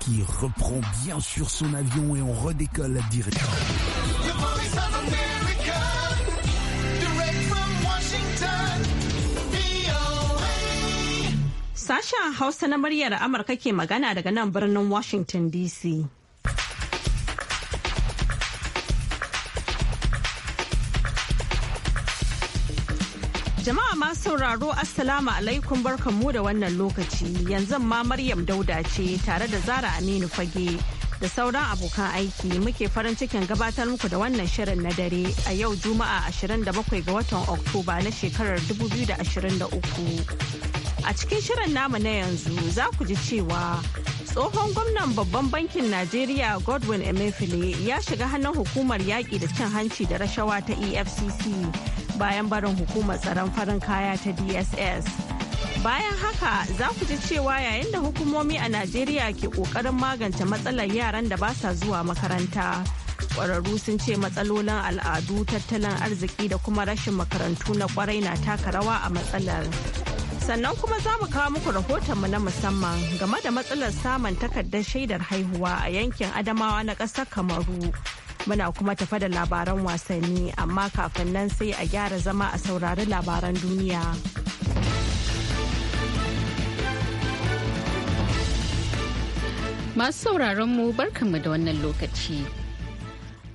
qui reprend bien sur son avion et on redécolle la direction. Hausa na magana daga nan Washington DC. Jama'a ma sauraro Assalamu alaikum barkanmu da wannan lokaci yanzu ma Maryam Dauda ce tare da Zara Aminu Fage da sauran abokan aiki muke farin cikin gabatar muku da wannan shirin na dare a yau Juma'a 27 ga watan Oktoba na shekarar 2023. A cikin shirin namu na yanzu za ku ji cewa tsohon gwamnan babban bankin Najeriya Godwin Emefile ya shiga hannun hukumar yaƙi da cin hanci da rashawa ta EFCC. bayan barin hukumar tsaron farin kaya ta dss bayan haka za ku ji cewa yayin da hukumomi a najeriya ke kokarin magance matsalar yaran da ba sa zuwa makaranta kwararru sun ce matsalolin al'adu tattalin arziki da kuma rashin makarantu na kwarai na taka rawa a matsalar sannan kuma za mu kawo muku rahotonmu na musamman game da matsalar samun takardar shaidar haihuwa a yankin adamawa na ƙasar kamaru Muna kuma tafa da labaran wasanni amma kafin nan sai a gyara zama a saurari labaran duniya. Masu sauraron mu barkanmu da wannan lokaci.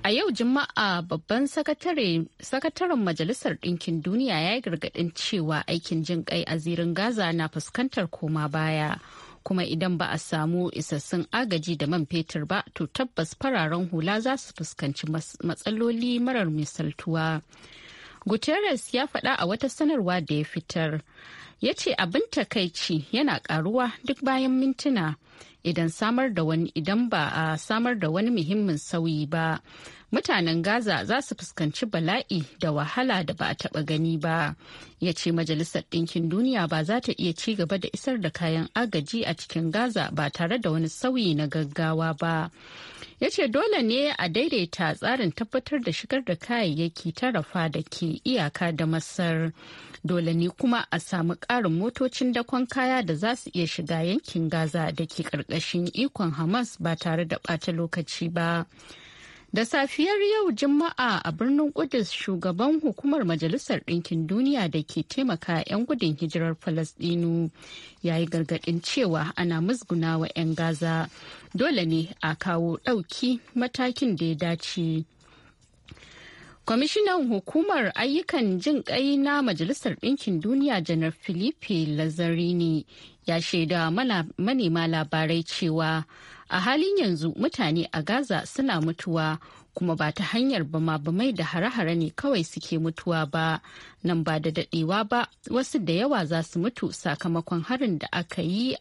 A yau Juma'a babban sakataren Majalisar Ɗinkin Duniya ya yi gargaɗin cewa aikin jin ƙai a zirin Gaza na fuskantar koma baya. kuma idan ba a samu isassun agaji da man fetur ba to tabbas fararen hula za su fuskanci matsaloli marar misaltuwa. Guterres ya faɗa a wata sanarwa da ya fitar. Ya ce abin takaici yana ƙaruwa duk bayan mintuna idan idan ba a samar da wani muhimmin sauyi ba. mutanen Gaza za su fuskanci bala'i da wahala da ba a taɓa gani ba. Ya ce Majalisar Ɗinkin Duniya ba za ta iya ci gaba da isar da kayan agaji a cikin Gaza ba tare da wani sauyi na gaggawa ba. Ya ce dole ne a daidaita tsarin tabbatar da shigar da kayayyaki ta rafa da ke iyaka da Masar. Dole ne kuma a samu ƙarin motocin dakon kaya da za su iya shiga yankin Gaza da ke ƙarƙashin ikon Hamas ba tare da ɓata lokaci ba. Da safiyar yau Juma'a a birnin Kudus shugaban hukumar Majalisar Ɗinkin Duniya da ke taimaka 'yan gudun hijirar Falasɗinu ya yi gargaɗin cewa ana musgunawa 'yan Gaza dole ne a kawo ɗauki matakin da ya dace. Kwamishinan hukumar ayyukan jin kai na Majalisar Ɗinkin Duniya Janar Filipe Lazzarini ya shaida manema labarai cewa a halin yanzu mutane a gaza suna mutuwa kuma ba ta hanyar bama-bamai da hare-hare ne kawai suke mutuwa ba nan ba da dadewa ba wasu da yawa za su mutu sakamakon harin da aka yi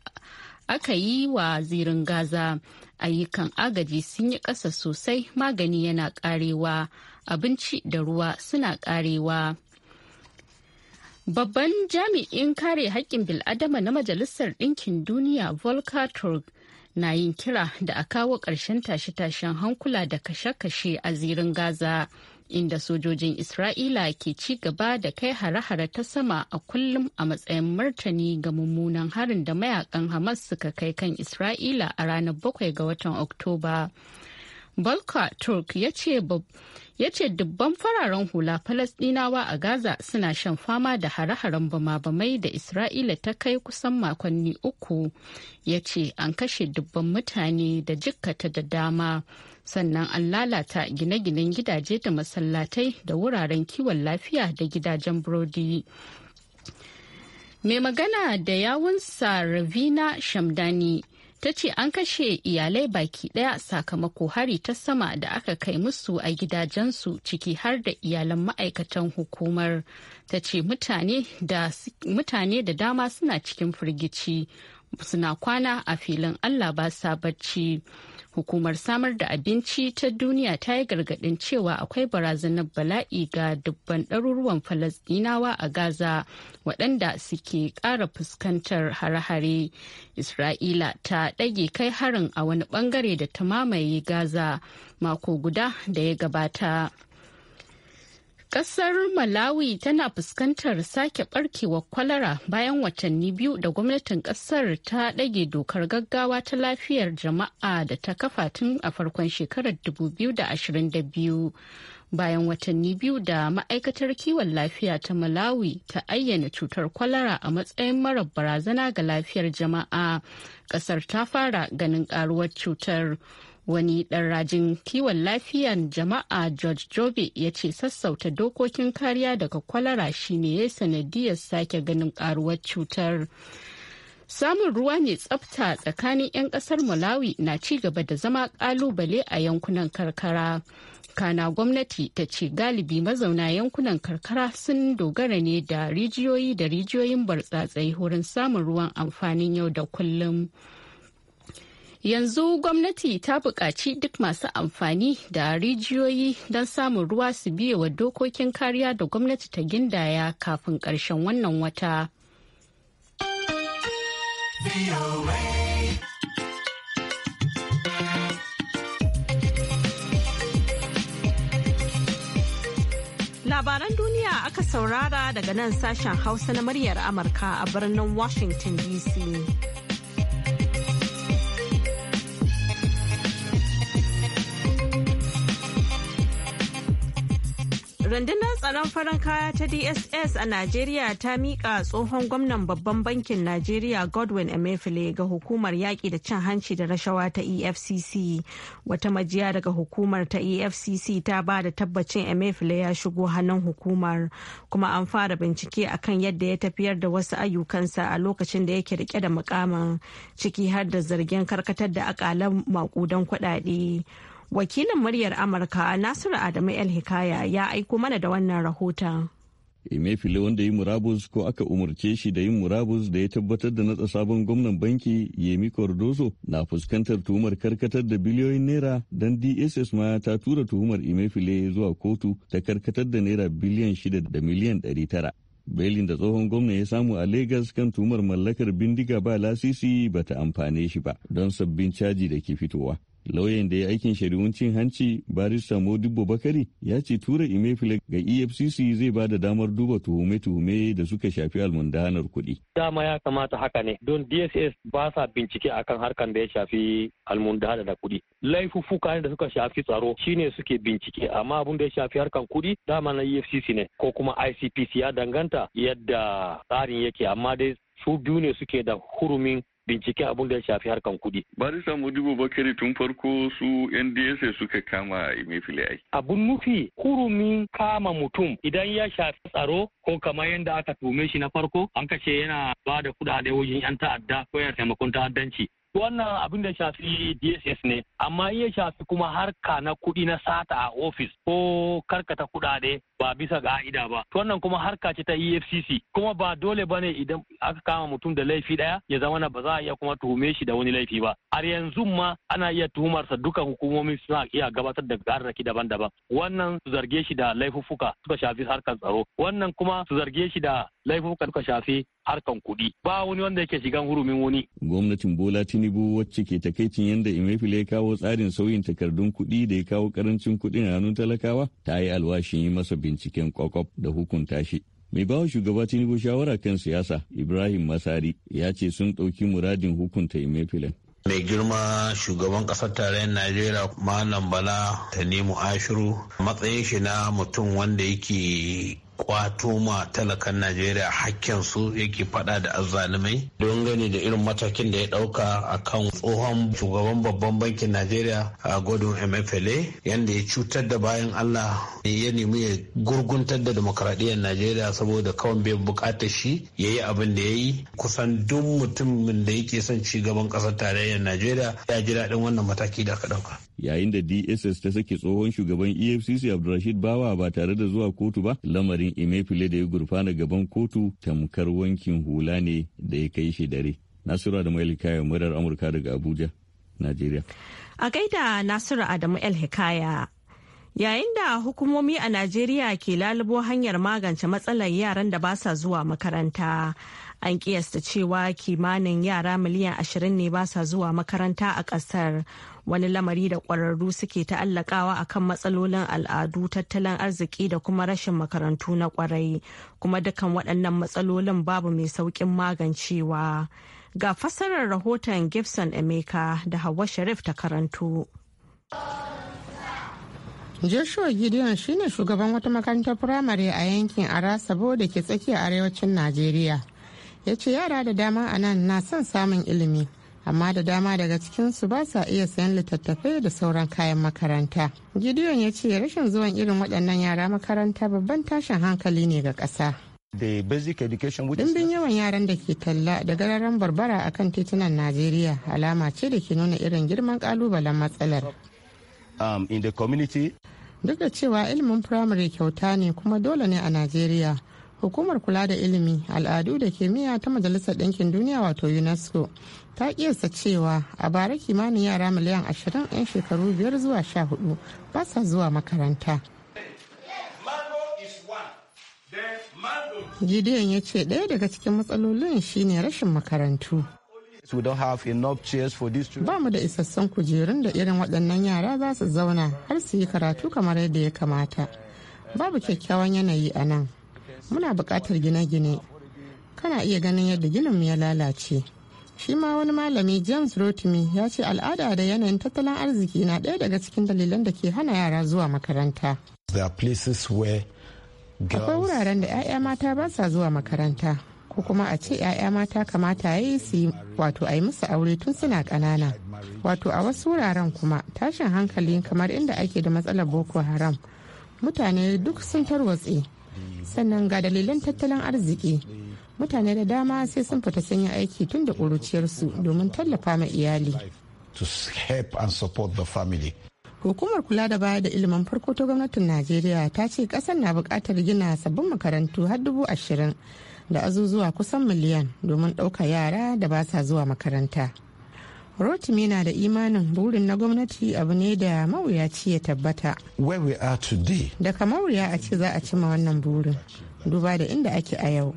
aka yi wa zirin gaza ayyukan agaji sun yi ƙasa sosai magani yana ƙarewa abinci da ruwa suna ƙarewa Babban jami'in kare haƙƙin bil'adama na Majalisar Ɗinkin Duniya Volker Turk na yin kira da a kawo ƙarshen tashe-tashen hankula da kashe-kashe a zirin Gaza, inda sojojin Isra'ila ke ci gaba da kai hare-hare ta sama a kullum a matsayin martani ga mummunan harin da mayakan Hamas suka kai kan Isra'ila a ranar 7 ga watan Oktoba. Balka Turk ya ce dubban fararen hula Falasdinawa a Gaza suna shan fama da hare-haren bama-bamai da Isra'ila ta kai kusan makonni uku. Ya ce an kashe dubban mutane da jikkata da dama. Sannan an lalata gine-ginen gidaje da masallatai da wuraren kiwon lafiya da gidajen burodi. Mai magana da yawunsa Ravina Shamdani. ta ce an kashe iyalai baki daya sakamako hari ta sama da aka kai musu a gidajensu ciki har da iyalan ma'aikatan hukumar ta ce mutane da dama suna cikin firgici suna kwana a filin allah ba sa bacci. Hukumar samar da abinci ta duniya ta yi gargaɗin cewa akwai barazanar bala'i ga dubban ɗaruruwan Falasɗinawa a Gaza waɗanda suke ƙara fuskantar hare-hare. Isra'ila ta ɗage kai harin a wani ɓangare da ta mamaye Gaza mako guda da ya gabata. Ƙasar Malawi tana fuskantar sake barkewar kwalara bayan watanni biyu da gwamnatin ƙasar ta ɗage dokar gaggawa ta lafiyar jama'a da ta kafa tun a farkon shekarar 2022 bayan watanni biyu da ma'aikatar kiwon lafiya ta Malawi ta ayyana cutar kwalara a matsayin mara barazana ga lafiyar jama'a. Ƙasar ta fara ganin ƙaruwar cutar. wani ɗan rajin kiwon lafiyan jama'a george jobe ya ce sassauta dokokin kariya daga kwalara shine ya sanadiyar sake ganin karuwar cutar samun ruwa mai tsafta tsakanin 'yan kasar malawi na ci gaba da zama kalubale a yankunan karkara kana gwamnati ta ce galibi mazauna yankunan karkara sun dogara ne da rijiyoyi da rijiyoyin bartsatsai wurin samun ruwan amfanin yau da kullum. yanzu gwamnati ta buƙaci duk masu amfani da rijiyoyi don samun ruwa su biye wa dokokin kariya da gwamnati ta gindaya kafin ƙarshen wannan wata. Labaran duniya aka saurara daga nan sashen Hausa na muryar Amurka a birnin Washington DC. Rundunar tsaron farin kaya ta DSS a Najeriya ta miƙa tsohon gwamnan babban bankin Najeriya Godwin Emefiele ga hukumar yaƙi da cin hanci da rashawa ta EFCC. Wata majiya daga hukumar ta EFCC ta ba da tabbacin Emefiele ya shigo hannun hukumar kuma an fara bincike akan yadda ya tafiyar da wasu ayyukansa a lokacin da yake rike da mukamin ciki har da zargin karkatar da akalan maƙudan kuɗaɗe. Wakilin muryar Amurka Nasiru Adamu El Hikaya ya aiko mana da wannan rahoton. Emefiele wanda yi murabus ko aka umarce shi da yin murabus da ya tabbatar da natsa sabon gwamnan banki Yemi cordozo na fuskantar tuhumar karkatar da biliyoyin naira don DSS ma ta tura tuhumar Emefiele zuwa kotu ta karkatar da naira biliyan shida da miliyan ɗari tara. Belin da tsohon gwamna ya samu a Legas kan tuhumar mallakar bindiga ba lasisi ba ta amfane shi ba don sabbin caji da ke fitowa. lauyan da ya aikin shari'un cin hanci barista modibo bakari ya ce tura imefila ga efcc zai ba da damar duba tuhume-tuhume da suka shafi almundanar kuɗi dama ya kamata haka ne don dss ba sa bincike akan harkan da ya shafi almundana da kuɗi laifuffuka ne da suka shafi tsaro shine suke bincike amma abin da ya shafi harkan kuɗi dama na efcc ne ko kuma icpc ya danganta yadda tsarin yake amma dai su biyu ne suke da hurumin bincike abin da ya shafi harkan kuɗi. Barisa Modibo Bakari tun farko su NDSA suka kama Emefiele ai. Abun nufi kurumin kama mutum idan ya shafi tsaro ko kamar yadda aka tume shi na farko an kace yana ba da kudade wajen 'yan ta'adda ko yana taimakon ta'addanci. wannan abin da shafi DSS ne amma in ya shafi kuma harka na kuɗi na sata a ofis ko karkata kuɗaɗe ba bisa ga'ida ba to wannan kuma harka ce ta EFCC kuma ba dole bane idan aka kama mutum da laifi ɗaya ya zama na ba za a iya kuma tuhume shi da wani laifi ba har yanzu ma ana iya tuhumarsa duka hukumomi suna iya gabatar da garraki daban-daban wannan su zarge shi da laifuffuka suka shafi harkar tsaro wannan kuma su zarge shi da laifuka suka shafi harkan kuɗi ba wani wanda yake shigan hurumin wani. Gwamnatin Bola Tinubu wacce ke takaicin yadda Emefiele ya kawo tsarin sauyin takardun kuɗi da ya kawo karancin kuɗin hannun talakawa ta yi alwashin yi masa binciken kwakwaf da hukunta shi. Mai bawa shugaba Tinubu shawara kan siyasa Ibrahim Masari ya ce sun ɗauki muradin hukunta Imefilin. mai girma shugaban ƙasar tarayyar najeriya malam bala tanimu ashiru matsayin shi na mutum wanda yake kwato ma talakan najeriya su yake fada da azzalumai don gani da irin matakin da ya dauka kan tsohon shugaban babban bankin najeriya a gwadon mfla yadda ya cutar da bayan allah ya nemi ya gurguntar da demokradiyyar najeriya saboda kawai bai bukatar shi ya yi abin da ya yi kusan duk mutumin da yake son ci gaban kasar tarayyar najeriya ya ji daɗin wannan mataki da aka dauka yayin da dss ta sake tsohon shugaban efcc abdulrashid bawa ba tare da zuwa kotu ba lamarin lamarin Emefiele da ya gurfana gaban kotu tamkar wankin hula ne da ya kai shi dare. Nasiru da Mailika murar Amurka daga Abuja, Najeriya. A gaida Nasiru Adamu El Hikaya. Yayin da hukumomi a Najeriya ke lalubo hanyar magance matsalar yaran da ba sa zuwa makaranta, an kiyasta cewa kimanin yara miliyan ashirin ne ba sa zuwa makaranta a ƙasar, wani lamari da ƙwararru suke ta'allakawa kan matsalolin al'adu tattalin arziki da kuma rashin makarantu na kwarai kuma dukkan waɗannan matsalolin babu mai sauƙin magancewa ga fassarar rahoton gibson emeka da hawa sharif ta karantu. joshua gideon shine shugaban wata makarantar firamare a yankin arasabo da ke tsakiya arewacin najeriya ya ce yara da dama a nan na son samun ilimi amma da dama daga cikinsu ba sa iya sayan littattafai da sauran kayan makaranta. Gideon ya ce rashin zuwan irin waɗannan yara makaranta babban tashin hankali ne ga ƙasa. dimbin yawan yaran da ke talla da gararan barbara a kan titunan najeriya alama ce da ke nuna irin girman kalubalen matsalar um, duk da cewa ilimin firamare kyauta ne kuma dole ne a najeriya hukumar kula da ilimi al'adu da kimiyya ta majalisar ɗinkin duniya wato unesco ta kiyasta cewa a bara kimanin yara miliyan 20 'yan shekaru biyar zuwa 14 ba sa zuwa makaranta gideon ya ce ɗaya daga cikin matsalolin shine rashin makarantu ba mu da isassun kujerun da irin waɗannan yara za su zauna har su yi karatu kamar yadda ya kamata babu kyakkyawan yanayi a nan muna bukatar gine-gine kana iya ganin yadda ginin ya lalace shi ma wani malami james rotimi ya ce al'ada da yanayin tattalin arziki na ɗaya daga cikin dalilan da ke hana yara zuwa makaranta akwai wuraren da 'ya'ya mata ba sa zuwa makaranta ko kuma a ce 'ya'ya mata kamata ya yi su wato a yi musu aure tun suna ƙanana wato a wasu wuraren kuma tashin hankali kamar inda ake da matsalar boko haram mutane duk sun tarwatse sannan ga dalilan tattalin arziki mutane da dama sai sun fita sun yi aiki tun da ƙuruciyarsu domin tallafa ma iyali hukumar kula da baya da ilimin farko ta gwamnatin najeriya ta ce kasar na bukatar gina sabbin makarantu har dubu ashirin da azuzuwa kusan miliyan domin ɗauka yara da ba sa zuwa makaranta Rotimi na da imanin burin na gwamnati abu ne da mawuyaci ya tabbata. Where we Daga mawuya a ce za a cima wannan burin. Duba da inda ake a yau.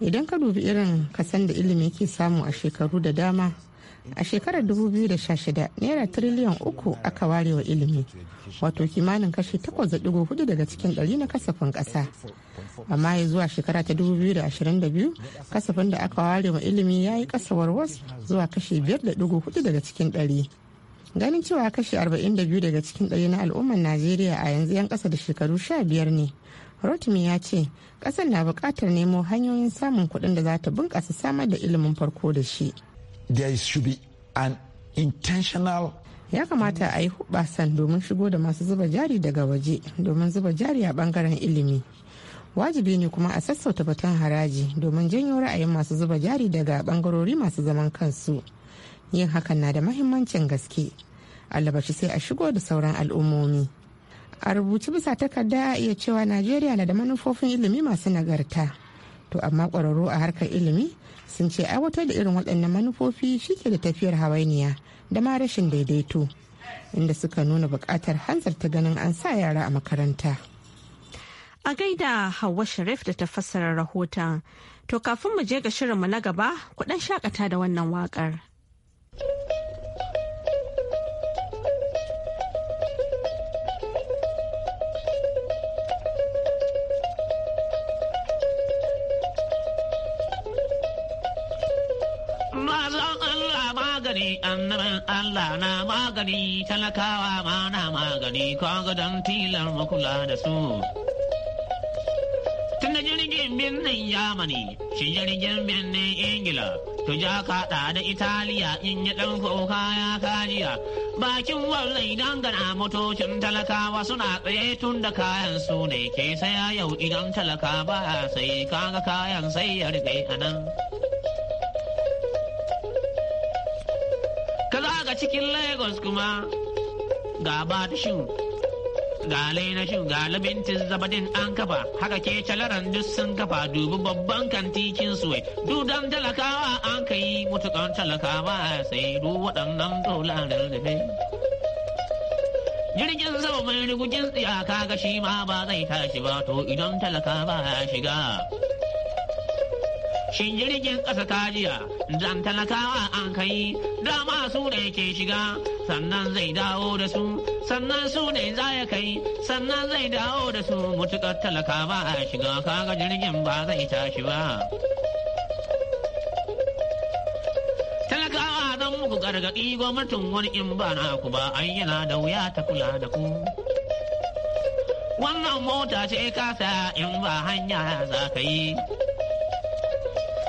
Idan ka dubi irin kasan da ilimi ke samu a shekaru da dama, a shekarar 2016 naira triliyan uku aka ware wa ilimi wato kimanin kashi 8.4 daga cikin ɗari na kasafin ƙasa amma ya zuwa shekara ta 2022 kasafin da aka ware wa ilimi ya yi kasawar was zuwa kashi 5.4 daga cikin ɗari. ganin cewa kashi 42 daga cikin ɗari na al'ummar najeriya a yanzu 'yan ƙasa da shekaru 15 ne rotimi ya ce ƙasar na buƙatar nemo hanyoyin samun kuɗin da za ta bunƙasa samar da ilimin farko da shi there should be an intentional ya kamata a yi hubasan domin shigo da masu zuba jari daga waje domin zuba jari a bangaren ilimi wajibi ne kuma a sassauta batun haraji domin janyo ra'ayin masu zuba jari daga bangarori masu zaman kansu yin hakan na da mahimmancin gaske alabashi sai a shigo da sauran al'ummomi a rubuci bisa takarda a iya cewa najeriya na da manufofin ilimi masu nagarta to amma ƙwararru a harkar ilimi sun ce aiwatar da irin waɗannan manufofi shike da tafiyar hawainiya da ma rashin daidaito inda suka nuna buƙatar hanzarta ganin an sa yara a makaranta. A gaida Hauwa Sharif da ta fassara rahoton. To kafin mu je ga shirin mu na gaba, kuɗan shakata da wannan waƙar. magani annaban Allah na magani talakawa ma na magani kaga don tilar makula da su. Tunda jirgin birnin Yamani, shi jirgin birnin Ingila, Tujaka kaɗa da Italiya in yi ɗan kuka ya kajiya. Bakin wallai dangana motocin talakawa suna tsaye tun da kayan su ne ke saya yau idan talaka ba sai kaga kayan sai ya rufe a nan. cikin Lagos kuma ga Batishin ga Lainashin ga Labintin Zabadin an kafa haka ke calaran duk sun kafa dubi babban kantikin suwai dudan talakawa an ka yi mutukan talakawa sai du waɗannan dolarar da dai. Jirgin sama mai rigujin tsiyaka ga shi ma ba zai tashi ba to idan talaka ba ya shiga. Shin jirgin ƙasa ta jiya? dan talakawa an kai dama su ne ke shiga sannan zai dawo da su sannan su ne za ya kai sannan zai dawo da su mutukar talaka ba a shiga kaga jirgin ba zai tashi ba talakawa zan muku gargaɗi gwamnatin wani in ba na ku ba ayyana da wuya ta kula da ku wannan mota ce kasa in ba hanya za ka yi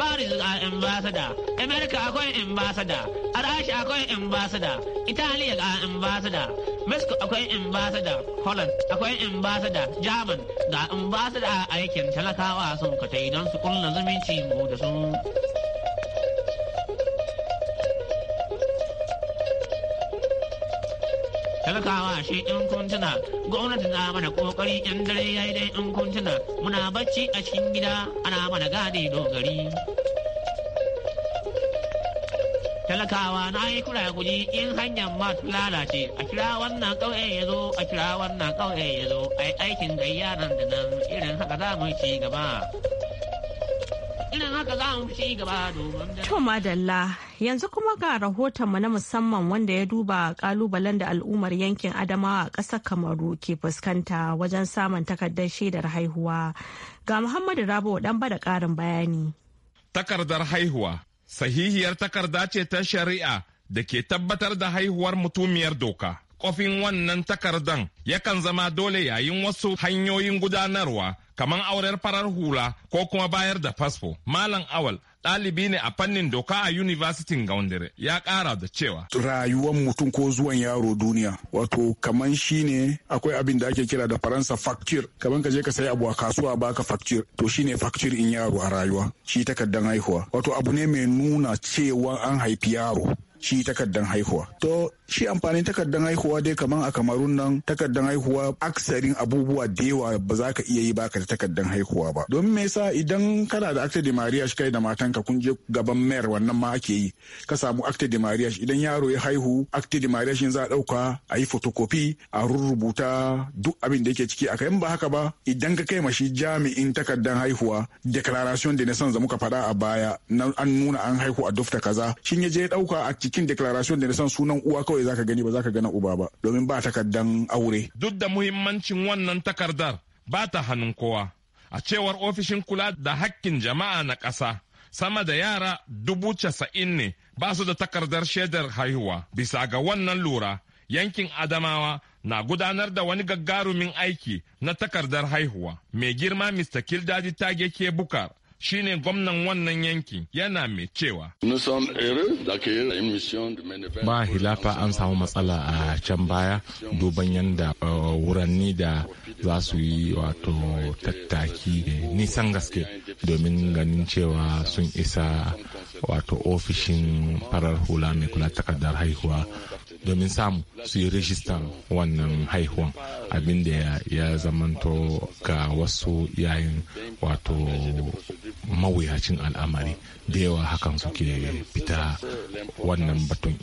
Paris a ambassador, America akwai ambassador, Arashi akwai ambassador, Italiya a ambassador, Mexico akwai ambassador, Holland akwai ambassador, German ga ambassador a aikin talakawa sun don su kulla zumunci mu da su. talakawa shi in kuntuna gwamnati na mana kokari yan dare yayi dai in kuntuna muna bacci a cikin gida ana mana gadi dogari. talakawa na yi kura guji in hanyar ma lalace a kira wannan kauye ya zo a kira wannan kauye ya zo a yi aikin gayya nan da nan irin haka za mu ci gaba irin haka za mu ci gaba domin to madalla yanzu kuma ga rahotonmu na musamman wanda ya duba kalubalen da al'ummar yankin adamawa a ƙasar kamaru ke fuskanta wajen samun takardar shaidar haihuwa ga muhammadu rabo dan bada ƙarin bayani takardar haihuwa sahihiyar takarda ce ta shari'a da ke tabbatar da haihuwar mutumiyar doka. Kofin wannan takardan yakan zama dole yayin wasu hanyoyin gudanarwa kamar aurar farar hula ko kuma bayar da fasfo. Malam Awal ɗalibi ne a fannin doka a University Gaundare ya ƙara da cewa. Rayuwan mutum ko zuwan yaro duniya wato kaman shi ne akwai abin da ake kira da Faransa facture kaman ka je ka sayi abu a kasuwa baka facture to shine ne facture in yaro a rayuwa shi takardan haihuwa wato abu ne mai nuna cewa an haifi yaro shi takardan haihuwa. To shi amfanin takardan haihuwa dai kaman a kamarun nan takardan haihuwa aksarin abubuwa da yawa ba za ka iya yi baka da takardan haihuwa ba. Domin me yasa idan kana da akta de mariage kai da matanka kun je gaban mayar wannan ma ake yi ka samu akta de mariage idan yaro ya haihu akta de mariage za a dauka a yi photocopy a rurrubuta duk abin da yake ciki a kai ba haka ba idan ka kai mashi jami'in takardan haihuwa declaration de naissance da muka faɗa a baya na an nuna an haihu a dufta kaza shin ya je dauka a cikin declaration da na san sunan uwa kawai za ka gani ba za ka gana uba ba domin ba takardan aure duk da muhimmancin wannan takardar ba ta hannun kowa a cewar ofishin kula da hakkin jama'a na ƙasa sama da yara dubu casa'in ne ba su da takardar shaidar haihuwa bisa ga wannan lura yankin adamawa na gudanar da wani gagarumin aiki na takardar haihuwa mai girma mr kildadi ta ke bukar shine gwamnan wannan yanki yana mai cewa. Ba hilafa an samu matsala a can baya duban yadda uh, wuranni da za su yi wato tattaki nisan gaske domin ganin cewa sun isa wato ofishin farar hula mai kula takardar haihuwa domin samu su yi rijistar wannan haihuwan abinda ya zamanto ga wasu yayin wato mawuyacin al'amari da yawa hakan suke fita wannan batun.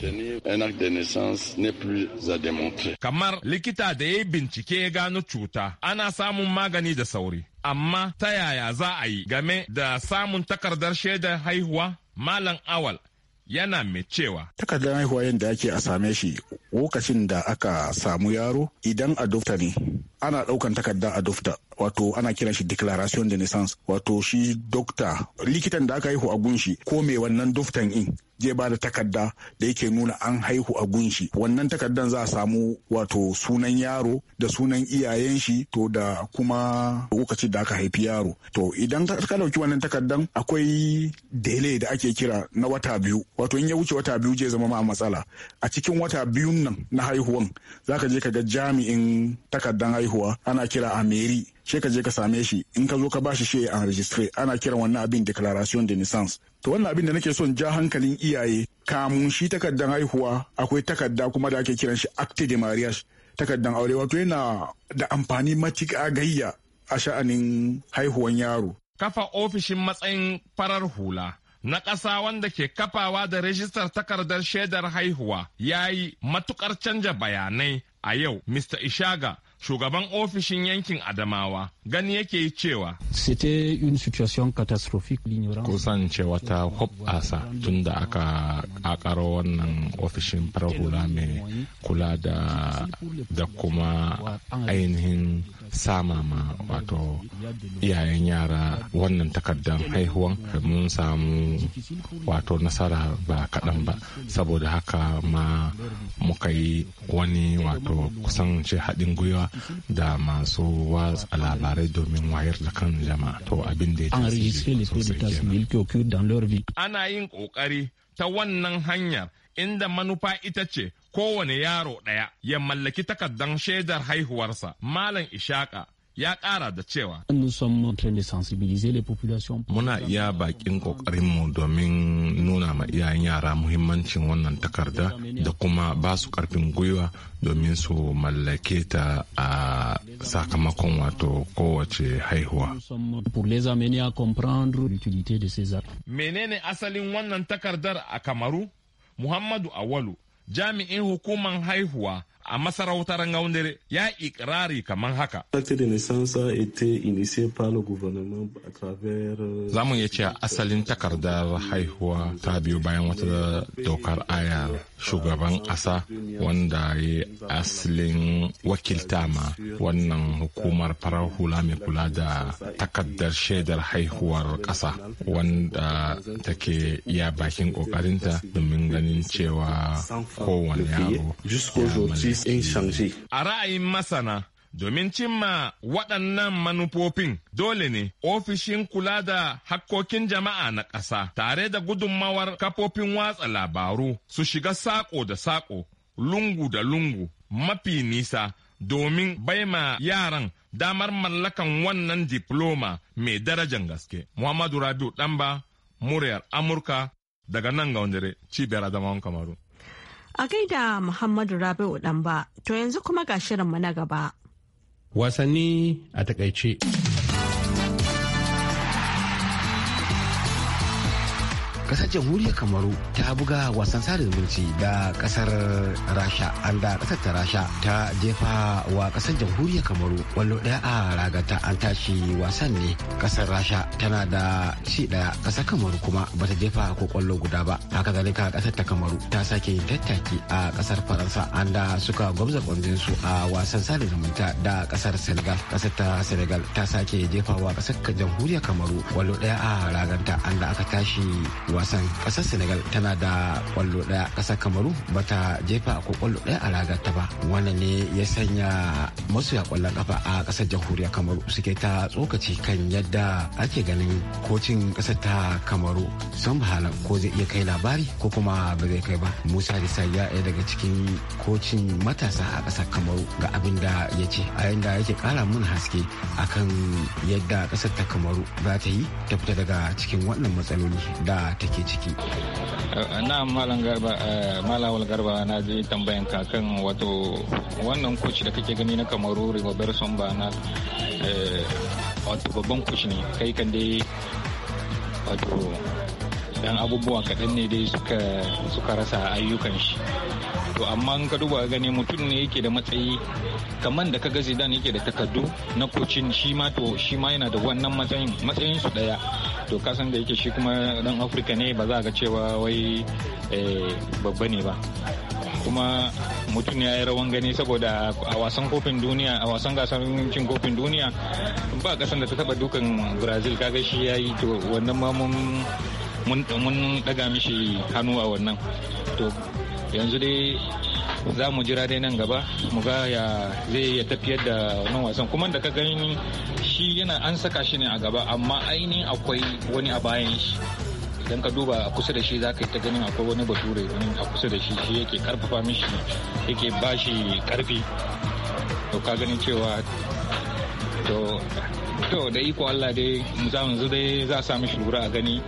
Kamar likita da ya yi bincike ya gano cuta, ana samun magani da sauri. Amma ta yaya za a yi game da samun takardar shaidar haihuwa? Malam Awal yana mai cewa. Takardar haihuwa yadda ake a same shi lokacin da aka samu yaro idan a dufta ne ana ɗaukan takardar dufta. wato ana kiran shi declaration de naissance wato shi dokta likitan da aka haihu a gunshi ko mai wannan duftan in zai ba da takarda da yake nuna an haihu a gunshi wannan takardan za a samu wato sunan yaro da sunan iyayen shi to da kuma lokacin da aka haifi yaro to idan ka dauki wannan takardan akwai dele da ake kira na wata biyu wato in ya wuce wata biyu zai zama ma matsala a cikin wata biyun nan na haihuwan zaka je ka ga jami'in takardan haihuwa ana kira a ameri sai ka je ka same shi in ka zo ka bashi shi an registre ana kiran wannan abin declaration de naissance to wannan abin da nake son ja hankalin iyaye kamun shi takardan haihuwa akwai takarda kuma da ake kiran shi acte de mariage takardan aure wato yana da amfani matuƙa gayya a sha'anin haihuwan yaro kafa ofishin matsayin farar hula na ƙasa wanda ke kafawa da rajistar takardar shaidar haihuwa ya yi matuƙar canja bayanai a yau Mr. Ishaga shugaban ofishin yankin Adamawa gani yake cewa. cewa wata hoɓasa tun da aka ƙaƙaro wannan ofishin farahula mai kula da kuma ainihin sama ma wato iyayen yara wannan takardar haihuwan mun samu wato nasara ba kaɗan ba saboda haka ma muka yi wani wato kusan ce haɗin gwiwa da masu watsa labarai domin wayar da kan jama'a to abin da ya ana yin kokari ta wannan hanyar inda manufa ita ce kowane yaro ɗaya ya mallaki takardar shaidar haihuwarsa malam ishaka ya ƙara da cewa muna iya bakin ƙoƙarinmu domin nuna ma iyayen yara muhimmancin wannan takarda da kuma ba su ƙarfin gwiwa domin su mallake ta a sakamakon wato kowace haihuwa. Menene asalin wannan takardar a Kamaru? Muhammadu Awalu, jami'in hukuman haihuwa a masarautar Ngaundere ya ikirari kamar haka. Euh, Za mu iya cewa asalin takardar haihuwa ta biyu bayan wata dokar ayar shugaban ƙasa wanda ya asalin wakilta ma wannan hukumar farar hula mai kula da takardar shaidar haihuwar ƙasa wanda take iya bakin ƙoƙarinta domin ganin cewa kowane yaro ya in A ra'ayin masana, domin cimma waɗannan manufofin dole ne ofishin kula da hakkokin jama'a na ƙasa tare da gudunmawar kafofin watsa labaru su shiga saƙo da saƙo, lungu da lungu mafi nisa domin bai ma yaran damar mallakan wannan diploma mai darajan gaske. Muhammadu Rabiu Ɗanba, muryar Amurka daga nan ga wandere cibiyar Adamawan Kamaru. A gaida Muhammadu Rabi'u Ɗanba, to yanzu kuma ga shirinmu na gaba. Wasanni a takaice. kasar jamhuriyar kamaru ta buga wasan sada zumunci da kasar rasha an da kasar ta rasha ta jefa wa kasar jamhuriyar kamaru wallo daya a ragata an tashi wasan ne kasar rasha tana da ci daya kasar kamaru kuma bata jefa ko kwallo guda ba haka zalika kasar ta kamaru ta sake yin tattaki a kasar faransa an da suka gwamza su a wasan sada zumunta da kasar senegal kasar ta senegal ta sake jefa wa kasar jamhuriyar kamaru wallo daya a raganta an da aka tashi wasan kasar senegal tana da kwallo daya kasar kamaru bata jefa ko kwallo daya a ragar ta ba wannan ne ya sanya masoya kwallon kafa a kasar jamhuriyar kamaru suke ta tsokaci kan yadda ake ganin kocin kasar ta kamaru san bahalan ko zai iya kai labari ko kuma ba zai kai ba musa risa ya daga cikin kocin matasa a kasar kamaru ga abin da ya ce a yadda yake kara mun haske akan yadda kasar ta kamaru za ta yi ta fita daga cikin wannan matsaloli da ta take ciki eh, na malam garba eh, malawal garba na je tambayan kakan wato wannan coach da kake gani na kamaru ribabar ba na eh, wato babban coach ne kai kan dai wato dan abubuwa kaɗan ne dai suka suka rasa ayyukan shi to amma in ka duba gani mutum ne yake da matsayi kamar da kaga zidane yake da takardu na kocin shi ma to shi ma yana da wannan matsayin matsayin su daya to kasan da yake shi kuma dan afirka ne ba za ga cewa wai eh, babba ne ba kuma mutum ya yi rawan gani saboda a wasan kofin duniya a wasan gasar cin kofin duniya ba kasan da ta taba dukan brazil kaga shi ya yi to wannan ma mun daga mishi hannu a wannan to yanzu dai za mu jira dai nan gaba mu ga ya zai ya tafiyar da wannan wasan kuma da ka gani shi yana an saka shi ne a gaba amma ainihin akwai wani a bayan shi idan ka duba a kusa da shi za ka yi ta ganin akwai wani bature a kusa da shi shi yake karfafa mishi yake ba shi karfi to ka ganin cewa to to da iko Allah dai za mu dai za sa mishi lura a gani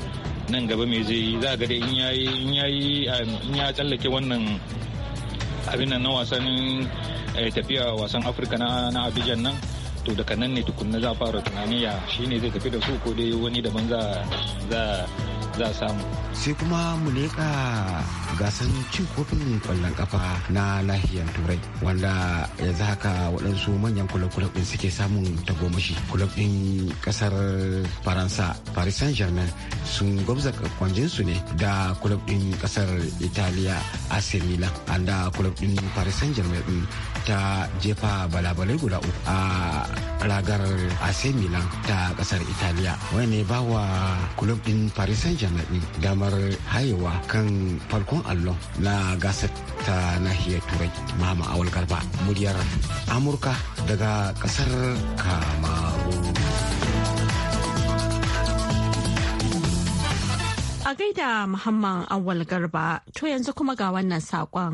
nan gaba me zai yi za ga dai in yayi in yayi um, in ya tsallake wannan abin nan na wasan eh, tafiya wasan afirka na abijan nan to daga nan ne tukunna za fara tunani ya shine zai tafi da su ko dai wani daban za za a samu sai kuma mu leƙa gasan cin kofin kwallon kafa na nahiyar turai wanda yanzu haka waɗansu manyan kulab-kulab ɗin suke samun tagomashi kulab ɗin ƙasar faransa paris saint germain sun gwamza kwanjinsu ne da kulab ɗin ƙasar italiya ac milan an da kulab ɗin paris saint germain ɗin ta jefa balabalai guda uku a ragar ac milan ta ƙasar italiya wani ne ba wa kulab ɗin paris saint germain naɗe damar hayewa kan farkon allon na gasar ta nahiyar turai mama awal garba muryar amurka daga ƙasar kamaru a gaida muhammad awal garba to yanzu kuma ga wannan saƙon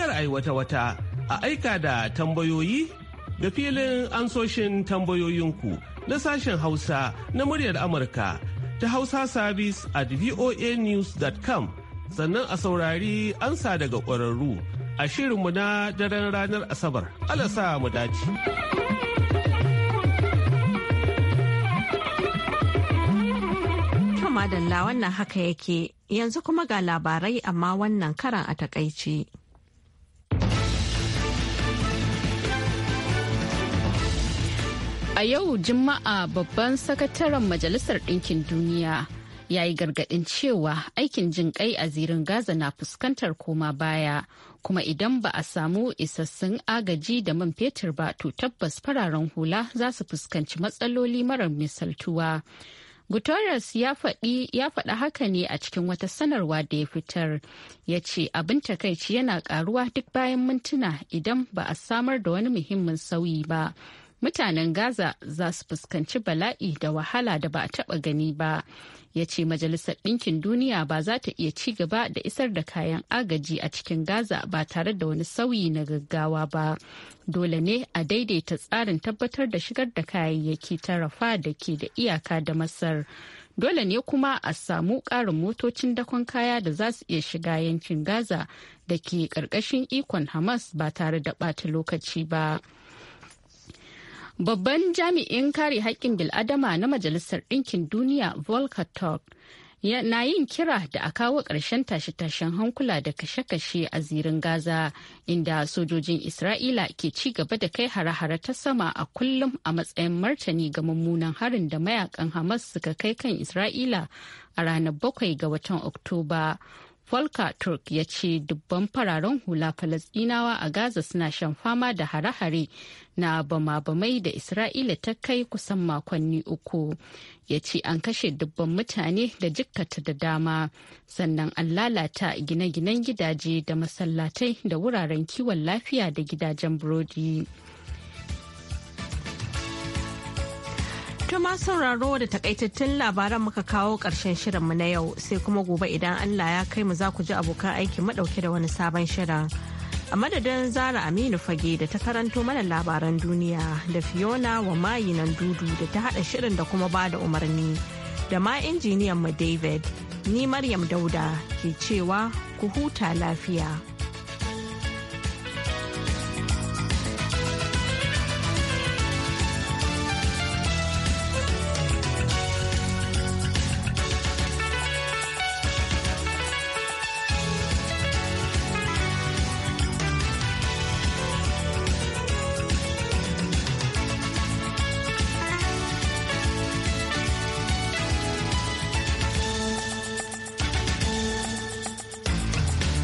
kar a wata-wata a aika da tambayoyi da filin ansoshin tambayoyinku na sashen Hausa na muryar Amurka ta Hausa Service at voanews.com sannan a saurari ansa daga ƙwararru a shirinmu na daren ranar Asabar. Alasa mu dace. madalla wannan haka yake yanzu kuma ga labarai amma wannan karan a takaici. a yau Juma'a babban sakataren Majalisar Ɗinkin Duniya ya yi gargaɗin cewa aikin jin kai a zirin Gaza na fuskantar koma baya kuma idan ba a samu isassun agaji da man fetur ba to tabbas fararen hula za su fuskanci matsaloli marar misaltuwa. Guterres ya faɗa haka ne a cikin wata sanarwa da ya fitar ya ce abin takaici yana ƙaruwa duk bayan mintuna idan ba a samar da wani muhimmin sauyi ba mutanen Gaza za su fuskanci bala'i da wahala da ba a taɓa gani ba. Ya ce Majalisar Ɗinkin Duniya ba za ta iya ci gaba da isar da kayan agaji a cikin Gaza ba tare da wani sauyi na gaggawa ba. Dole ne a daidaita tsarin tabbatar da shigar da kayayyaki ta rafa da ke da iyaka da Masar. Dole ne kuma a samu ƙarin motocin dakon kaya da za su iya shiga yankin Gaza da ke ƙarƙashin ikon Hamas ba tare da ɓata lokaci ba. Babban jami'in kare haƙƙin bil'adama na Majalisar Ɗinkin Duniya Volker Turk na yin kira da a kawo ƙarshen tashe-tashen hankula da kashe-kashe a zirin Gaza inda sojojin Isra'ila ke ci gaba da kai hare-hare ta sama a kullum a matsayin martani ga mummunan harin da mayakan Hamas suka kai kan Isra'ila a ranar bakwai ga watan Oktoba Volker Turk ya ce dubban fararen hula Falasɗinawa a Gaza suna shan fama da hare-hare na bama-bamai da Isra'ila ta kai kusan makonni uku. Ya ce an kashe dubban mutane da jikkata da dama, sannan an lalata gine-ginen gidaje da masallatai da wuraren kiwon lafiya da gidajen burodi. ma sauraro da takaitattun labaran muka kawo ƙarshen shirinmu na yau sai kuma gobe idan Allah ya kai mu za ku ji abokan aiki madauke da wani sabon shirin. A madadin Zara Aminu Fage da ta karanto mana labaran duniya da Fiona wa mayi nan dudu da ta haɗa shirin da kuma ba da umarni da ma injiniyan mu David ni Maryam Dauda ke cewa ku huta lafiya.